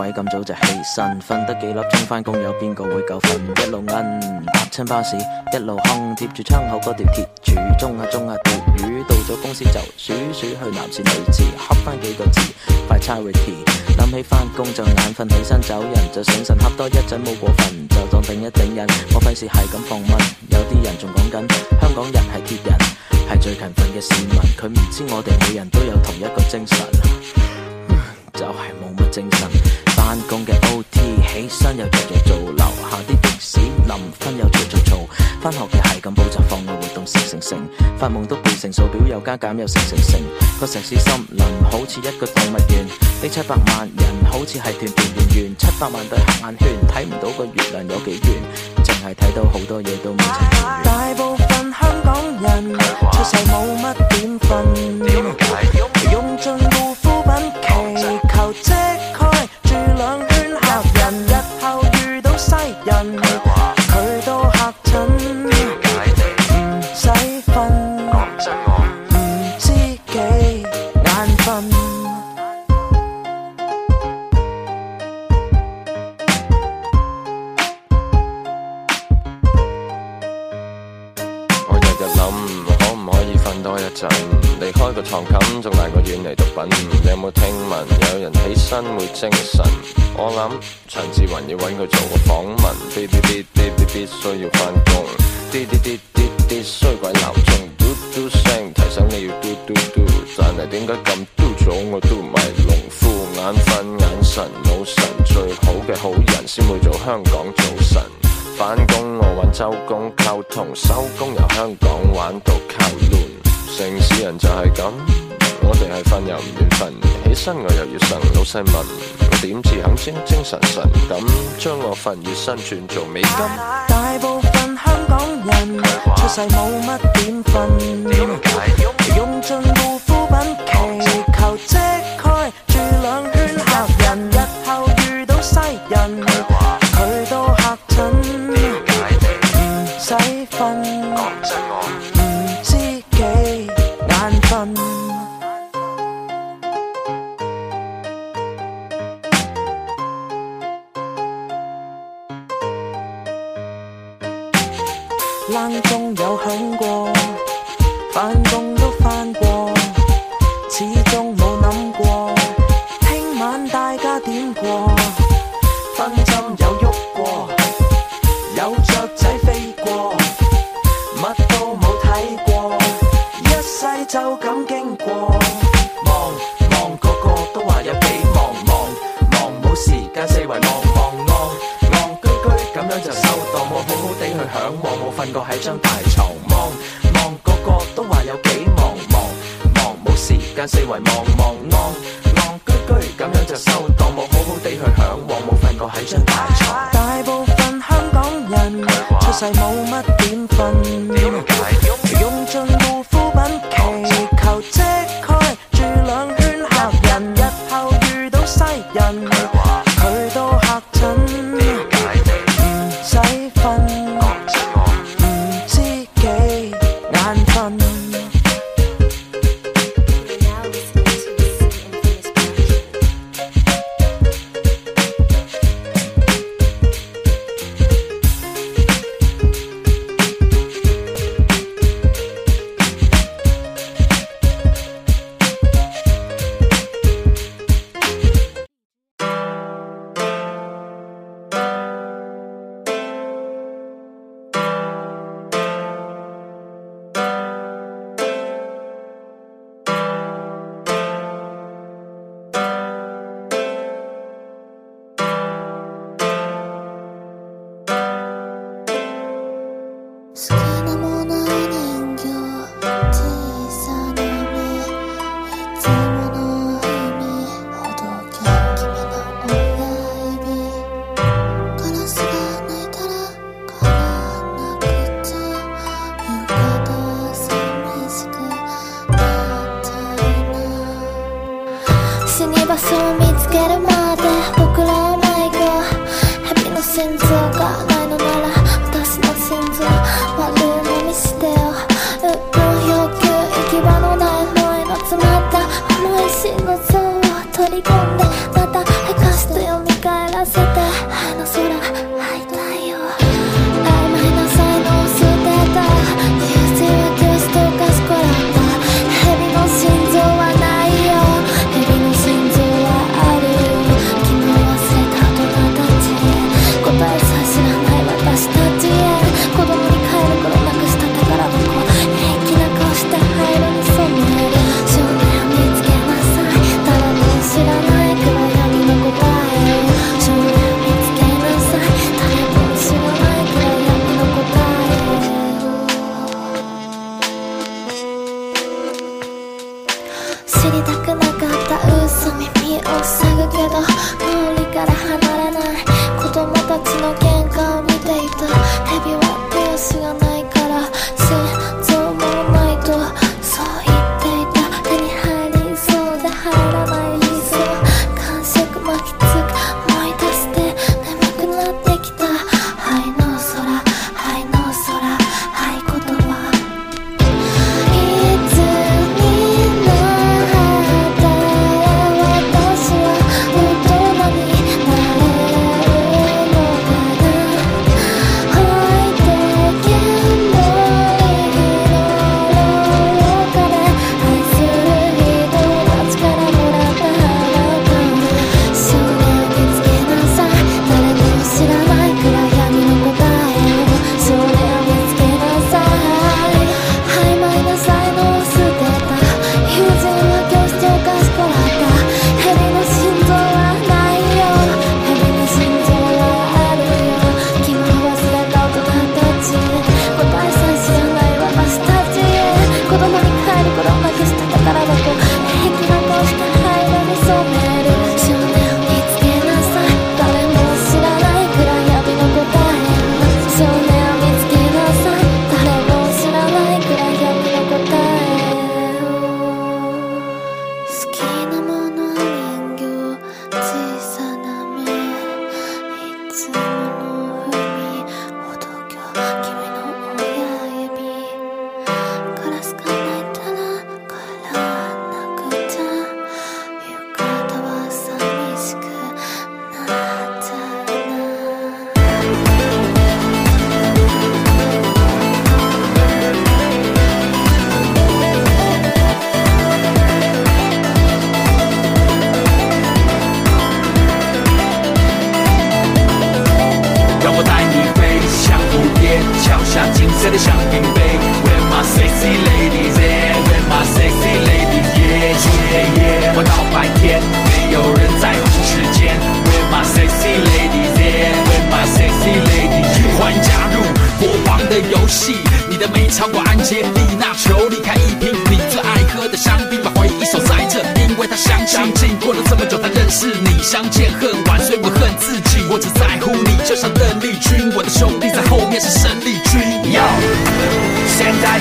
鬼咁早就起身，瞓得幾粒鐘翻工，有邊個會夠瞓？一路奀搭親巴士，一路空貼住窗口嗰條鐵柱，中下、啊、中下、啊、條魚。到咗公司就鼠鼠去男廁女廁，恰翻幾個字。快 Charity，諗起翻工就眼瞓，起身走人就醒神合，恰多一陣冇過分，就當頂一頂人。我費事係咁放問，有啲人仲講緊香港人係鐵人，係最勤奮嘅市民。佢唔知我哋每人都有同一個精神， 就係冇乜精神。翻工嘅 OT，起身又着做做做，留下啲歷史。臨瞓又做做做，翻學嘅係咁補習，課外活動成成成，發夢都變成數表減續續續，又加減又成成成個城市森林好似一個動物園，呢七百萬人好似係團團圓圓，七百萬對黑眼圈，睇唔到個月亮有幾圓，淨係睇到好多嘢都未曾完。大部分香港人出世冇乜點瞓，用盡護膚品期。城市人就係咁，我哋係瞓又唔願瞓，起身我又，又要神，老細問我點至肯精精神神咁將我份月薪轉做美金。大部分香港人出世冇乜點瞓。點解？四圍望望安安居居，咁樣就收檔冇好好地去享，枉冇瞓過喺張大牀。大部分香港人出世冇乜點瞓，用盡護膚品。